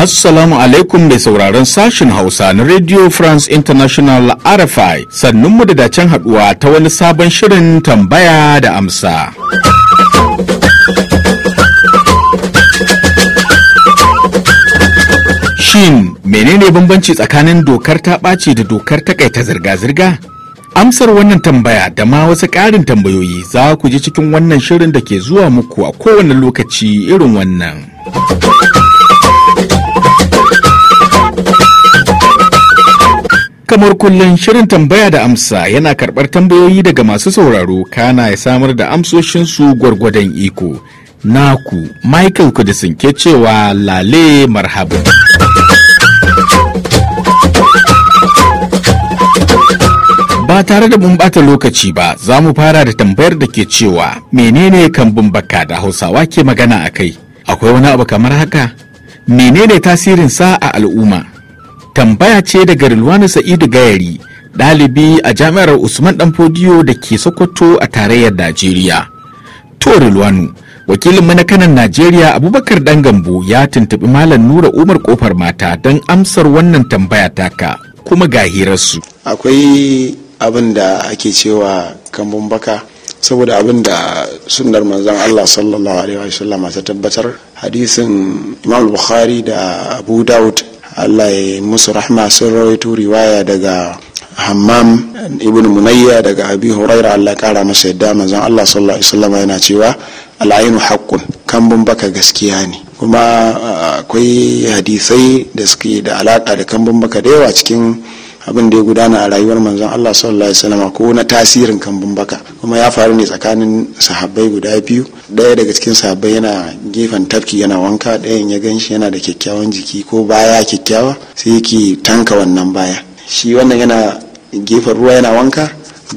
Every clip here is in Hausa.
Assalamu alaikum mai sauraron sashen Hausa na Radio France International RFI sannunmu da dacen haduwa ta wani sabon shirin tambaya da amsa. Shin menene bambanci tsakanin dokar ta ɓaci da dokar takaita zirga-zirga? Amsar wannan tambaya da ma wasu ƙarin tambayoyi za ku ji cikin wannan shirin da ke zuwa muku a kowane lokaci irin wannan. kamar kullum shirin tambaya da amsa yana karɓar tambayoyi daga masu sauraro kana ya samar da amsoshin su gwargwadon iko naku michael kudisin ke cewa lale marhabin ba tare da mun bata lokaci ba za mu fara da tambayar da ke cewa menene kambun baka da hausawa ke magana a kai akwai wani abu kamar haka menene tasirin sa a al'umma tambaya ce daga Rilwani Sa'idu Gayari ɗalibi a jami'ar Usman Danfodiyo da ke Sokoto a tarayyar Najeriya. To Rilwanu, wakilin manakanan na Najeriya Abubakar Dan Gambo ya tuntuɓi Malam Nura Umar Kofar Mata don amsar wannan tambaya taka kuma ga hirarsu. Akwai abin da ake cewa kambun baka saboda abin da sunnar manzon Allah sallallahu alaihi wa sallama ta tabbatar hadisin Imam Bukhari da Abu Dawud allah ya musu rahma sun rawaito riwaya daga hammam ibn munayya daga abi huraira allah kara masa yadda manzon allah sallallahu alaihi wasallam yana cewa al'ainu haqqun kambun baka gaskiya ne kuma ah, akwai hadisai da suke da alaka da kambun baka da yawa cikin abin da ya gudana a rayuwar manzon Allah sallallahu alaihi wasallam ko na tasirin kambun baka kuma ya faru ne tsakanin sahabbai guda biyu ɗaya daga cikin sahabbai yana gefen tafki yana wanka ɗayan ya ganshi yana da kyakkyawan jiki ko baya kyakkyawa sai yake tanka wannan baya shi wannan yana gefen ruwa yana wanka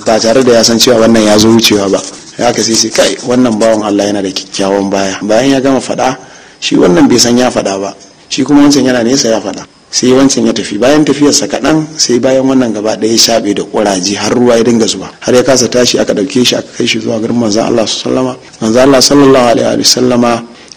ba tare da ya san cewa wannan ya zo wucewa ba ya ka sai kai wannan bawan Allah yana da kyakkyawan baya bayan ya gama faɗa shi wannan bai san ya faɗa ba shi kuma wancan yana nesa ya faɗa sai wancan ya tafi bayan tafiyarsa kaɗan sai bayan wannan gaba ɗaya shaɓe da ƙuraje har ruwa ya dinga zuba har ya kasa tashi aka ɗauke shi aka kai shi zuwa garin manzan Allah sallama manzan Allah sallallahu alaihi wa sallama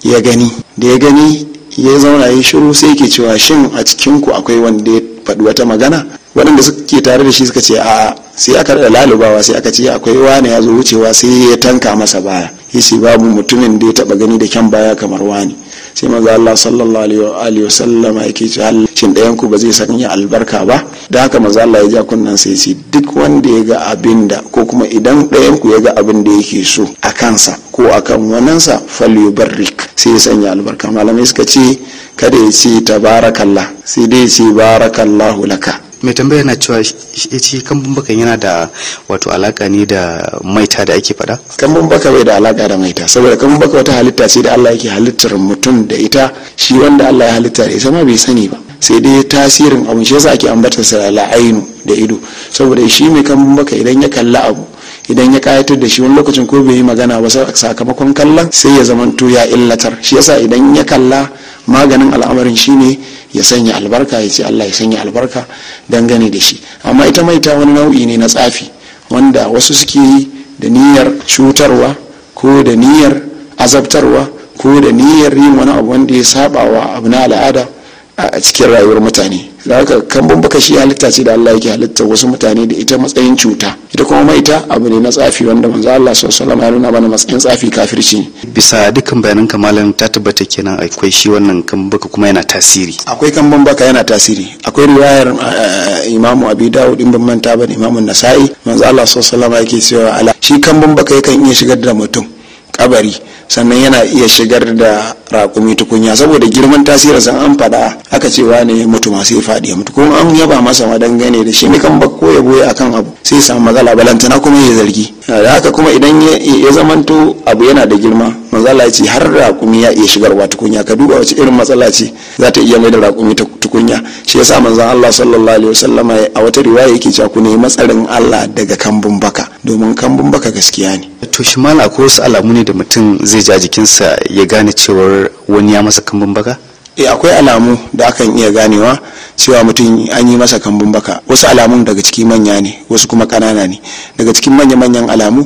ya gani da ya gani ya zauna ya shiru sai yake cewa shin a cikin ku akwai wanda ya faɗi wata magana waɗanda suke tare da shi suka ce a sai aka da lalubawa sai aka ce akwai wani ya zo wucewa sai ya tanka masa baya yace babu mutumin da ya taɓa gani da kyan baya kamar wani sai manzo Allah sallallahu alaihi wa sallama yake ce shin ɗayan ku ba zai sanya albarka ba da haka manzo Allah ya ja kunnan sai ce duk wanda ya ga abinda ko kuma idan ɗayan ku ya ga abin da yake so a kansa ko akan wanansa falyubarrik sai ya sanya albarka malamai suka ce kada ya ce tabarakallah sai dai ya ce barakallahu laka mai tambaya na cewa ce kambun bakan yana da wato alaka ne da maita da ake fada kambun baka bai da alaka da maita saboda kambun baka wata halitta ce da Allah yake halittar mutum da ita shi wanda Allah ya halitta da ita ma bai sani ba sai dai tasirin abu shi yasa ake ambata sa da da ido saboda shi mai kambun baka idan ya kalla abu idan ya kayatar da shi wani lokacin ko bai yi magana ba sakamakon kallon sai ya zamanto ya illatar shi yasa idan ya kalla maganin al'amarin shine ya sanya albarka ya ce Allah ya sanya albarka dangane da shi amma ita maita wani nau'i ne na tsafi wanda wasu suke yi da niyyar cutarwa ko da niyyar azabtarwa ko da niyyar yin wani abu wanda ya saba wa abu na al'ada a cikin rayuwar mutane da haka kambun baka shi halitta ce da Allah yake halitta wasu mutane da ita matsayin cuta ita kuma maita abu ne na tsafi wanda manzo Allah sallallahu alaihi wasallam ya matsayin tsafi kafirci bisa dukkan bayanan ka kamalan ta tabbata kenan akwai shi wannan kambun baka kuma yana tasiri akwai kambun baka yana tasiri akwai riwayar eh, imamu Abi Dawud in ban manta ba imamu Nasa'i manzo Allah sallallahu alaihi wasallam yake cewa ala shi kambun baka yakan iya shigar da mutum kabari sannan yana iya shigar da rakumi tukunya saboda girman tasirin san an fada aka cewa ne mutu masu ya fadi ya mutu kuma an yaba masa ma dangane da shi ne kan bakko ya goya akan abu sai samu matsala balantana kuma ya zargi da haka kuma idan ya zamanto abu yana da girma matsala ce har raƙumi ya iya shigarwa tukunya ka duba wace irin matsala ce za ta iya mai da raƙumi ta kunya shi yasa manzon Allah sallallahu alaihi wasallama a wata riwaya yake cewa ku nemi tsarin Allah daga kambun baka domin kambun baka gaskiya ne to shi mana akwai wasu alamu ne da mutum zai ja jikinsa ya gane cewar wani ya masa kambun baka e akwai alamu da akan iya ganewa cewa mutum an yi masa kambun baka wasu alamun daga cikin manya ne wasu kuma kanana ne daga cikin manya manyan alamu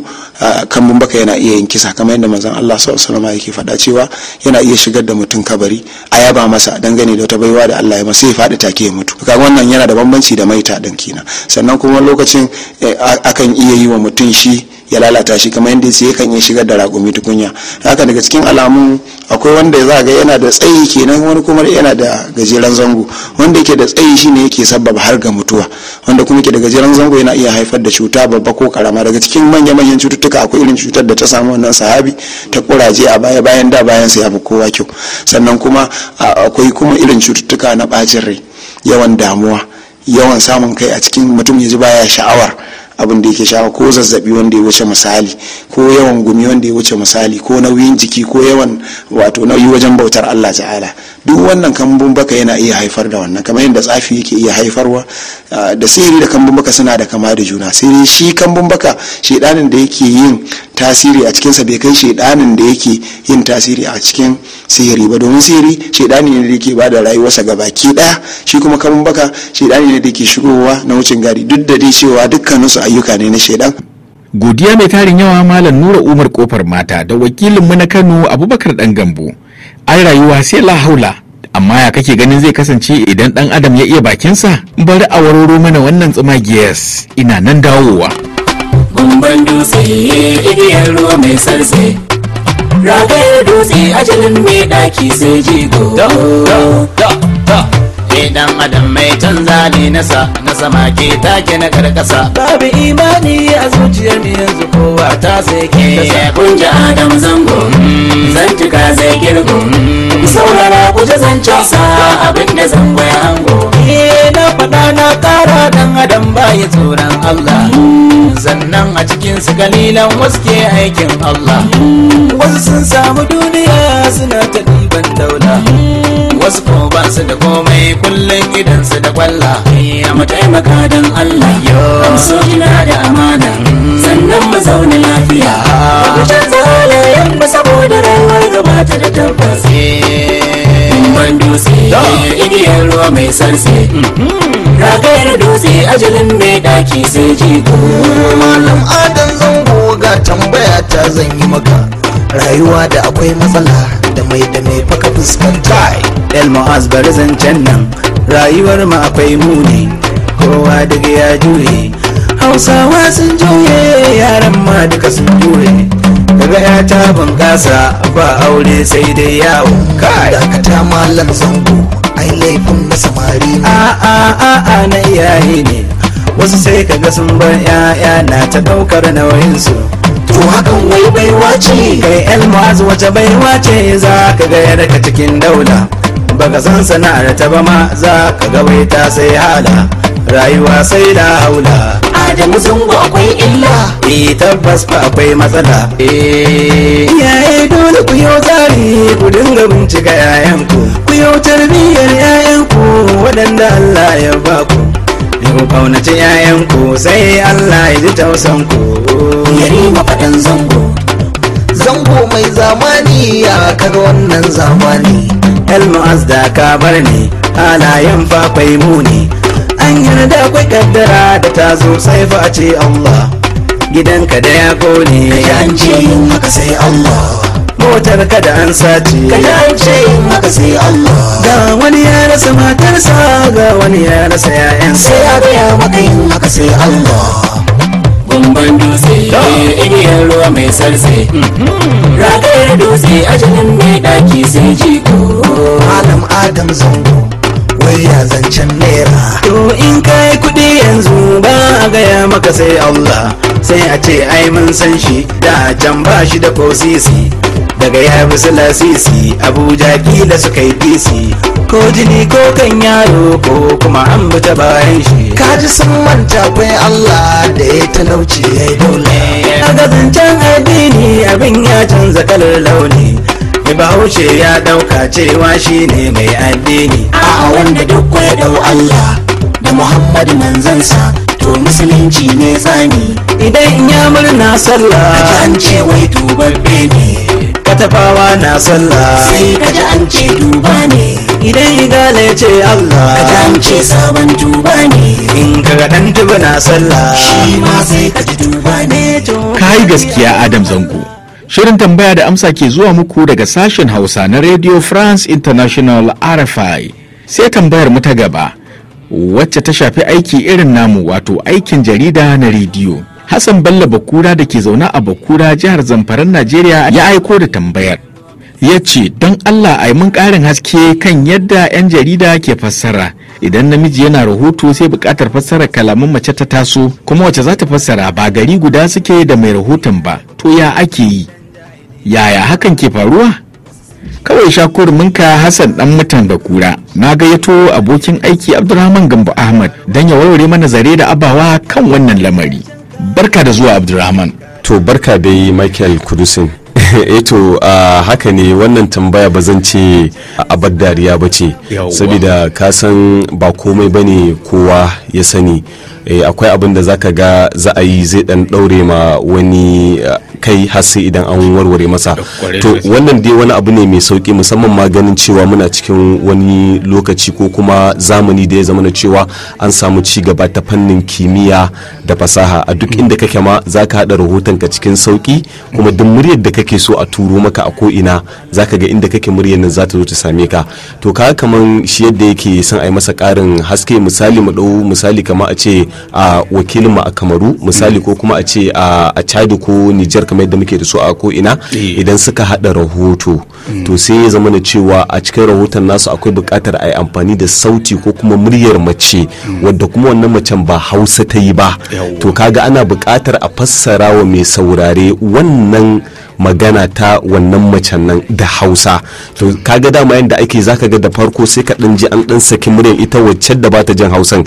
kambun baka yana iya yin kisa kamar yadda manzon Allah sallallahu alaihi yake faɗa cewa yana iya shigar da mutum kabari a yaba masa dangane da wata baiwa da Allah ya masa ya fadi take ya mutu kaga wannan yana da bambanci da maita din kina sannan kuma lokacin eh, akan iya yi wa mutum shi ya lalata shi kamar yadda sai kan iya shigar da raƙumi tukunya haka daga cikin alamun akwai wanda za ga yana da tsayi kenan wani kuma yana da gajeren zango wanda yake da tsayi shine yake sabbaba har ga mutuwa wanda kuma yake da gajeren zango yana iya haifar da cuta babba ko karama daga cikin manya manyan cututtuka akwai irin cutar da ta samu wannan sahabi ta kuraje a baya bayan da bayan sai ya kowa kyau sannan kuma akwai kuma irin cututtuka na bacin rai yawan damuwa yawan samun kai a cikin mutum ya ji baya sha'awar abin da yake shafa ko zazzabi wanda ya wuce misali ko yawan gumi wanda ya wuce misali ko nauyin jiki ko yawan wato nauyi wajen bautar Allah ta'ala duk wannan kambun baka yana iya haifar da wannan kamar yadda tsafi yake iya haifarwa ah, da sihiri da kambun baka suna da kama da juna sai dai shi kambun baka shedanin da yake yin tasiri a cikinsa bai kai shedanin da yake yin tasiri a cikin sihiri ba domin sihiri shedani ne da yake ba da rayuwarsa ga baki daya shi kuma kambun baka shedani ne da yake shigowa na wucin gari duk da dai cewa dukkaninsu ayyuka ne na shedan godiya mai tarin yawa malam nura umar kofar mata da wakilinmu na kano abubakar dan gambo ai rayuwa sai la haula amma ya kake ganin zai kasance idan dan adam ya iya bakinsa bari a waroro mana wannan tsimagiyas ina nan dawowa bambam dutse igiyar ruwa mai sarse ragayar dutse ajalin mai daki sai jigo da da da dan adam mai canza ne nasa na sama ke take na karkasa babu imani a zuciyar mu yanzu kowa ta sai ke da eh, kunja adam zango mm, zan cika zai girgo mm, saurara ku ji zancen sa abinda zango ya hango eh, na faɗa na ƙara dan adam baya tsoron Allah mm, sannan a cikin su kalilan wasu ke aikin Allah wasu sun samu duniya suna ta diban daula wasu ko ba su da komai kullum gidansu su da kwalla ya mu taimaka don Allah so ina da amana mm. sannan mu zauna lafiya ah. mu canza yan mu saboda rayuwar gaba ta da tabbas man eh. dutse igiyar ruwa mai sarse mm-hmm. ragayar dutse jilin mai daki sai jiko malam adam zango ga tambaya ta zan yi maka rayuwa da akwai matsala da mai da mai faka fuskanta el mu'az bari zancen nan rayuwar mu akwai muni kowa daga ya juye hausawa sun juye yaran ma duka sun juye daga ya ta bunƙasa ba aure sai dai yawo kai dakata malam zango ai laifin na samari a a a a na iyaye ne wasu sai kaga sun bar 'ya'ya na ta ɗaukar nauyinsu to hakan wai baiwa ce kai el mu'az wace baiwa ce za ka ga yarka cikin daula baka san sana'ar ta ba ma za ka ta sai hala rayuwa sai da haula adamu zango akwai illa eh tabbas ba akwai matsala eh iyaye dole ku yau ku dinga bincika yayanku ku yau tarbiyyar yayanku waɗanda Allah ya baku ku kaunaci yayanku sai Allah ya ji tausanku yari mafaɗin zango zango mai zamani ya kaga wannan zamani almu'az da ka bar ni halayen fakwai muni an yarda kwai kaddara da ta zo sai fa ce Allah gidanka da ya kone ka an ce yin maka sai Allah motar ka da an sace ka an ce yin maka sai Allah ga wani ya rasa matarsa ga wani ya rasa 'ya'yansa sai ya ga maka yin maka sai Allah kumban dutse igiyar ruwa mai sarse mhm. ragayar dutse ajalin mai daki sai jiko malam adam zango wai ya zancen naira to in kai kuɗi yanzu ba a gaya maka sai allah sai a ce ai mun san shi da can ba shi da kosisi daga ya bi lasisi abuja kila suka yi disi ko jini ko kan yaro ko kuma an bi bayan shi kaji sun manta bai Allah da ya talauci ya yi dole daga zancen addini abin ya canza kalar launi bahaushe ya dauka cewa shine mai addini a wanda duk ya dau Allah da Muhammadu manzansa to musulunci ne zani. idan ya murna sallah kaji an ce wai dubabbe ne katafawa na sallah sai kaji an ce duba ne idan igala ya ce Allah ka jamce sabon tuba ne in ka ga dan tuba na sallah shi ma sai ka tuba ne kai gaskiya Adam Zango Shirin tambaya da amsa ke zuwa muku daga sashen Hausa na Radio France International RFI. Sai tambayar mu ta gaba, wacce ta shafi aiki irin namu wato aikin jarida na rediyo. Hassan Bello Bakura da ke zaune a Bakura jihar Zamfaran Najeriya ya aiko da tambayar. ya ce don allah a yi mun ƙarin haske kan yadda 'yan jarida ke fassara idan namiji yana rahoto sai buƙatar fassara kalaman mace ta taso kuma wace za ta fassara ba gari guda suke da mai rahoton ba to ya ake yi yaya hakan ke faruwa kawai shakur minka hassan dan mutan da kura na gayyato abokin aiki abdurrahman gambo ahmad don ya warware mana zare da abawa kan wannan lamari barka da zuwa abdurrahman to barka dai michael kudusin eto eh haka ne wannan tambaya ba zan ce abar dariya ba ce saboda ka san ba komai ba ne kowa ya sani Eh, akwai abin da zaka ga za a yi zai dan daure ma wani eh, kai hasi idan an warware masa to wannan dai wani abu ne mai sauki musamman ma ganin cewa muna cikin wani lokaci ko kuma zamani da ya zama na cewa an samu ci gaba ta fannin kimiyya da fasaha a duk inda kake ma zaka hada rahoton ka cikin sauki kuma duk muryar da kake so a turo maka a ko ina zaka ga inda kake muryar nan za ta zo ta same ka to ka kaman shi yadda yake son a yi masa karin haske misali mu dau misali kama a ce a wakilin mu a kamaru misali ko kuma a ce a chad ko nijar kamar yadda muke da su a ko ina eh. idan suka hada rahoto hmm. to sai ya zama na cewa a cikin rahoton nasu akwai bukatar a yi amfani da sauti ko kuma muryar mace hmm. wadda kuma wannan macen ba hausa ta yi ba to kaga ana bukatar a fassara wa mai saurare wannan magana ta wannan macen nan da hausa to kaga dama yadda ake zaka ga da farko sai ka ɗan ji an ɗan saki muryar ita wacce da bata jin hausan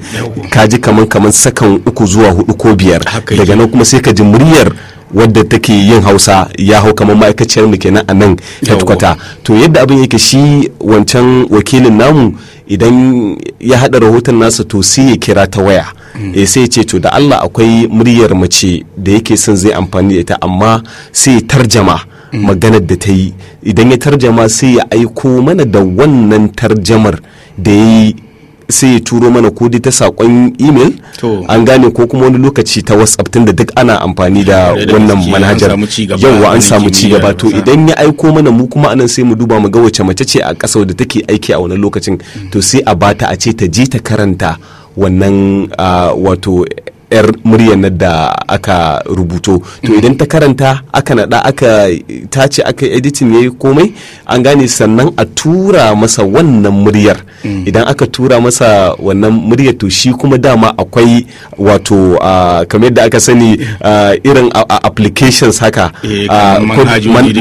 ka ji kaman kaman sakan uku zuwa hudu ko biyar daga nan kuma sai ka ji muryar wadda take yin hausa ya hau kamar ma'aikaciyar mu kenan a nan headquarter to yadda abin yake shi wancan wakilin namu idan ya haɗa rahoton nasa to sai ya kira ta waya Eh, ya sai ce to da Allah akwai muryar mace da yake son zai amfani da ita amma sai tarjama maganar da ta yi idan ya tarjama sai ya aiko mana da wannan tarjamar da ya yi sai ya turo mana kodi ta sakon email an gane ko kuma wani lokaci ta whatsapp tun da duk ana amfani da wannan manhajar yauwa an samu ci gaba to idan ya aiko mana mu kuma anan sai mu duba mu ga wace mace ce a ƙasa da take aiki a wani lokacin to sai a bata a ce ta je ta karanta wannan wato yar muryar nan da aka rubuto to mhm. idan ta karanta aka nada aka tace aka editing yayi komai an gane sannan a tura masa wannan muryar mhm. idan aka tura masa wannan muryar to shi kuma dama akwai wato kamar yadda aka sani irin applications haka eh,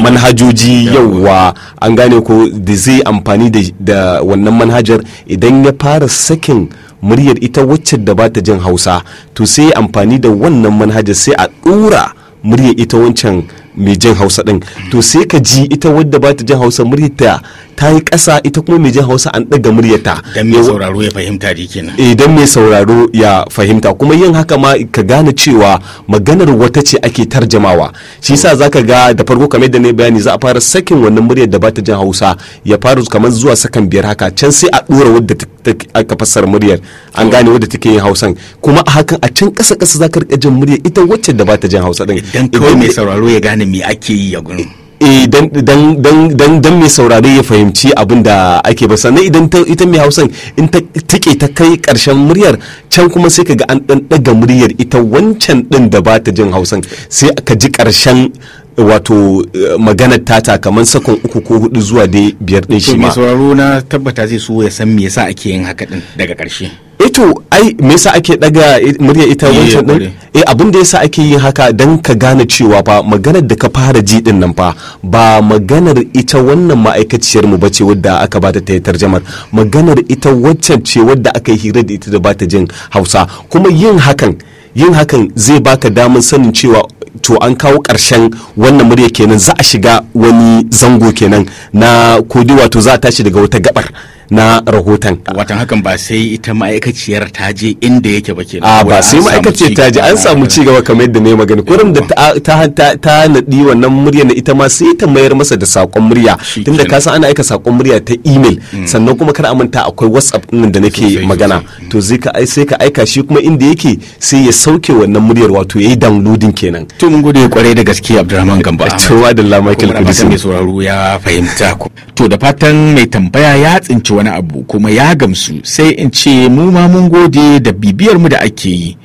manhajoji yauwa an gane ko da zai amfani da wannan manhajar idan ya fara sakin muryar ita wacce da ba ta jin hausa to sai amfani da wannan manhajar sai a ɗora muryar ita wancan mai jin hausa din to sai ka ji ita wadda ba ta jin hausa muryarta ta yi ƙasa ita kuma mai jin hausa an ɗaga muryarta dan mai sauraro ya fahimta da kenan eh dan mai sauraro ya fahimta kuma yin haka ma ka gane cewa maganar wata ce ake tarjamawa shi yasa zaka ga da farko kamar da ne bayani za a fara sakin wannan muryar da ba ta jin hausa ya fara kamar zuwa sakan biyar haka can sai a dora wadda aka fassara muryar an gane wadda take yin hausan kuma a hakan a can kasa kasa za ka rika jin muryar ita wacce da ba ta jin hausa ɗin idan kawai mai sauraro ya gane me ake yi a gurin eh, dan mai saurare ya fahimci abin da ake ba sannan idan ita mai hausan in ta take ta kai karshen muryar can kuma sai ka ga an ɗan daga muryar ita wancan ɗin da ba ta jin hausan sai ka ji karshen wato eh, magana tata kamar sakon uku ko hudu zuwa dai biyar din shi ma. sauraro na tabbata zai so ya san me yasa ake yin haka din daga karshe. Eto eh ai me yasa ake daga murya ita eh, wancan din? Eh abin da yasa ake yin haka dan ka gane cewa fa maganar da ka fara ji din nan fa ba maganar ita wannan ma'aikaciyar mu bace wadda aka bata ta tarjamar maganar ita wancan ce wadda aka yi hira da ita da bata jin Hausa kuma yin hakan yin hakan zai baka damar sanin cewa to an kawo ƙarshen wannan murya kenan za a shiga wani zango kenan na kodi wato za a tashi daga wata gabar na rahoton watan hakan ba sai ita ma'aikaciyar ta je inda yake ba ke. a ba sai ma'aikaciyar ta je an samu ci gaba kamar yadda yi magana kurum da ta ta nadi wannan murya na ita ma sai ta mayar masa da saƙon murya tunda ka san ana aika saƙon murya ta email mm. sannan kuma kar a manta akwai WhatsApp ɗin da nake magana to zai ka sai ka aika shi kuma inda yake sai ya sauke wannan muryar wato ya yi downloading kenan to mun gode kwarai da gaske Abdulrahman Gamba cewa da Michael mai sauraro ya fahimta ku to da fatan mai tambaya ya tsinci wani abu kuma ya gamsu sai in ce mu ma mun gode da bibiyar mu da ake yi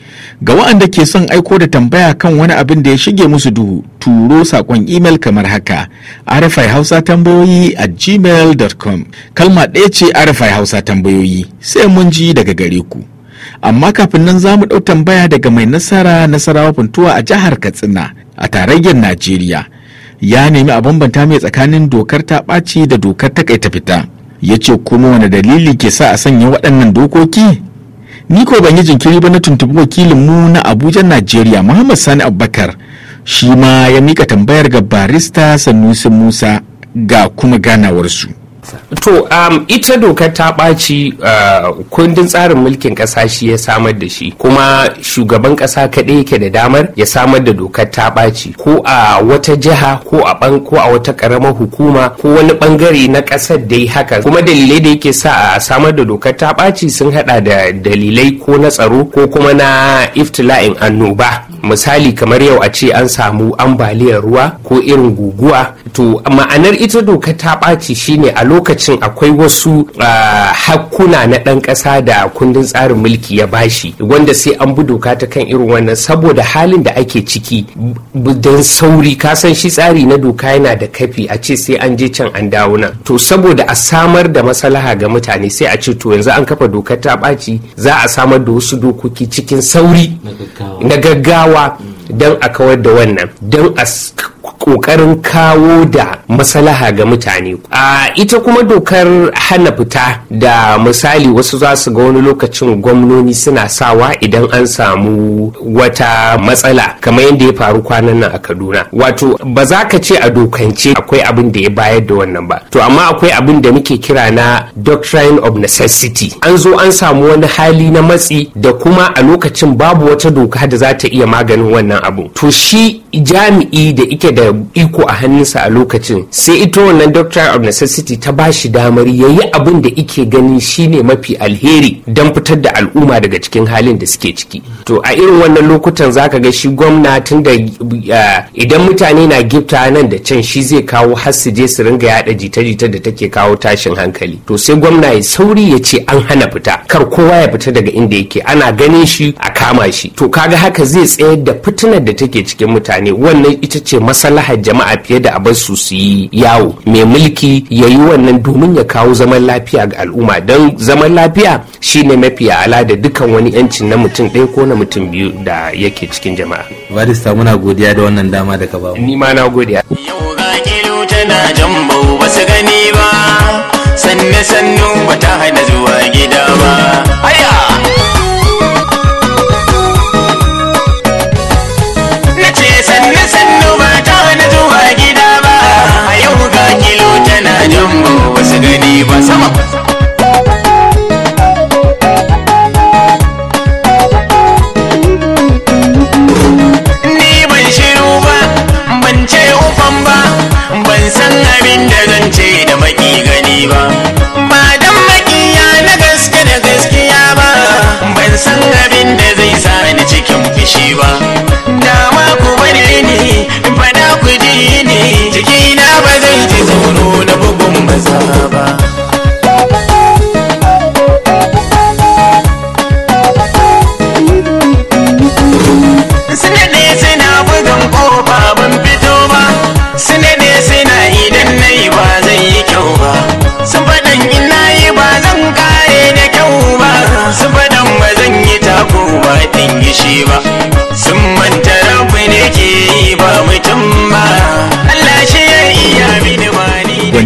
ga wa'anda ke son aiko da tambaya kan wani abin da ya shige musu duhu turo sakon imel kamar haka arafai hausa tambayoyi a gmail.com kalma ɗaya ce arafai hausa tambayoyi sai mun ji daga gare ku amma kafin nan za mu ɗau tambaya daga mai nasara nasarawa funtuwa a jihar katsina a tarayyar najeriya ya nemi a bambanta mai tsakanin dokar ta ɓaci da dokar ta fita ya ce kuma wani dalili ke sa a sanya waɗannan dokoki ni ko ban yi jinkiri ba na tuntubi wakilin mu na abuja najeriya muhammad sani abubakar shi ma ya mika tambayar ga barista sanusi musa ga kuma ganawarsu To um, ita dokar ta ɓaci uh, kundin tsarin mulkin ƙasa shi ya samar da shi kuma shugaban ƙasa kaɗai yake da damar ya samar da dokar ta ɓaci ko a wata jiha ko a ban ko a wata ƙaramar hukuma ko wani ɓangare na ƙasar da yi haka kuma dalilai da yake sa a samar da dokar ta ɓaci sun haɗa da dalilai ko na tsaro ko kuma na iftila'in annoba misali kamar yau a ce an samu ambaliyar ruwa ko irin guguwa to ma'anar ita dokar ta ɓaci shine a lokacin lokacin akwai wasu ah, hakkuna na ɗan ƙasa da kundin tsarin mulki ya bashi wanda sai an bi doka ta kan irin wannan saboda halin da ake ciki don sauri kasan shi tsari na doka yana da kafi a ce sai an je can an dawo nan to saboda a samar da maslaha ga mutane sai a ce to yanzu an kafa dokar ta ɓaci za a samar da wasu dokoki cikin sauri na gaggawa mm. don a kawar da wannan don a kokarin kawo da masalaha ga mutane a ita kuma dokar hana fita da misali wasu za su ga wani lokacin gwamnoni suna sawa idan an samu wata matsala kamar yadda ya faru kwanan nan a kaduna wato ba za ka ce a dokance akwai abin da ya bayar da wannan ba to amma akwai abin da muke kira na doctrine of necessity an zo an samu wani hali na matsi da kuma a lokacin babu wata doka da za ta iya maganin wannan abu to shi jami'i da ike da iko a hannunsa a lokacin sai ita wannan doctor of necessity ta ba shi damar ya yi abin da ike gani shine mafi alheri don fitar da al'umma daga cikin halin da suke ciki to a irin wannan lokutan zaka ga shi gwamna tun da idan mutane na gifta nan da can shi zai kawo har je su ringa yada jita-jita da take kawo tashin hankali to sai gwamna ya sauri ya ce an hana fita kar kowa ya fita daga inda yake ana ganin shi a kama shi to kaga haka zai tsayar da fitinar da take cikin mutane mutane wannan ita ce maslahar jama'a fiye da abin su su yi yawo mai mulki ya yi wannan domin ya kawo zaman lafiya ga al'umma don zaman lafiya shine mafi ala da dukkan wani yancin na mutum ɗaya ko na mutum biyu da yake cikin jama'a. barista muna godiya da wannan dama da ka ba ni ma na godiya. yau ga kilo tana jambo ba su gani ba sanne sannu ba ta hana zuwa gida.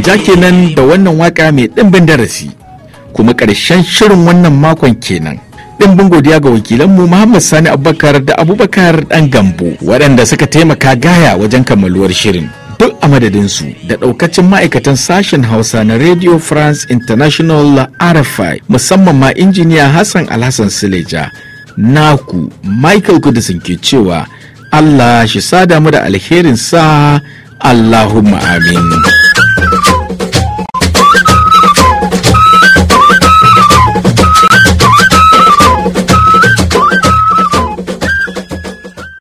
ja kenan da wannan waka mai ɗimbin darasi kuma ƙarshen shirin wannan makon kenan ɗimbin godiya ga wakilanmu Muhammad Sani Abubakar da Abubakar ɗan Gambo waɗanda suka taimaka gaya wajen kammaluwar shirin. Duk a madadinsu da ɗaukacin ma'aikatan sashen Hausa na Radio France International RFI musamman ma injiniya Hassan Alhassan Sileja. Naku Michael Kudisin ke cewa Allah shi sada mu da alherinsa Allahumma amin.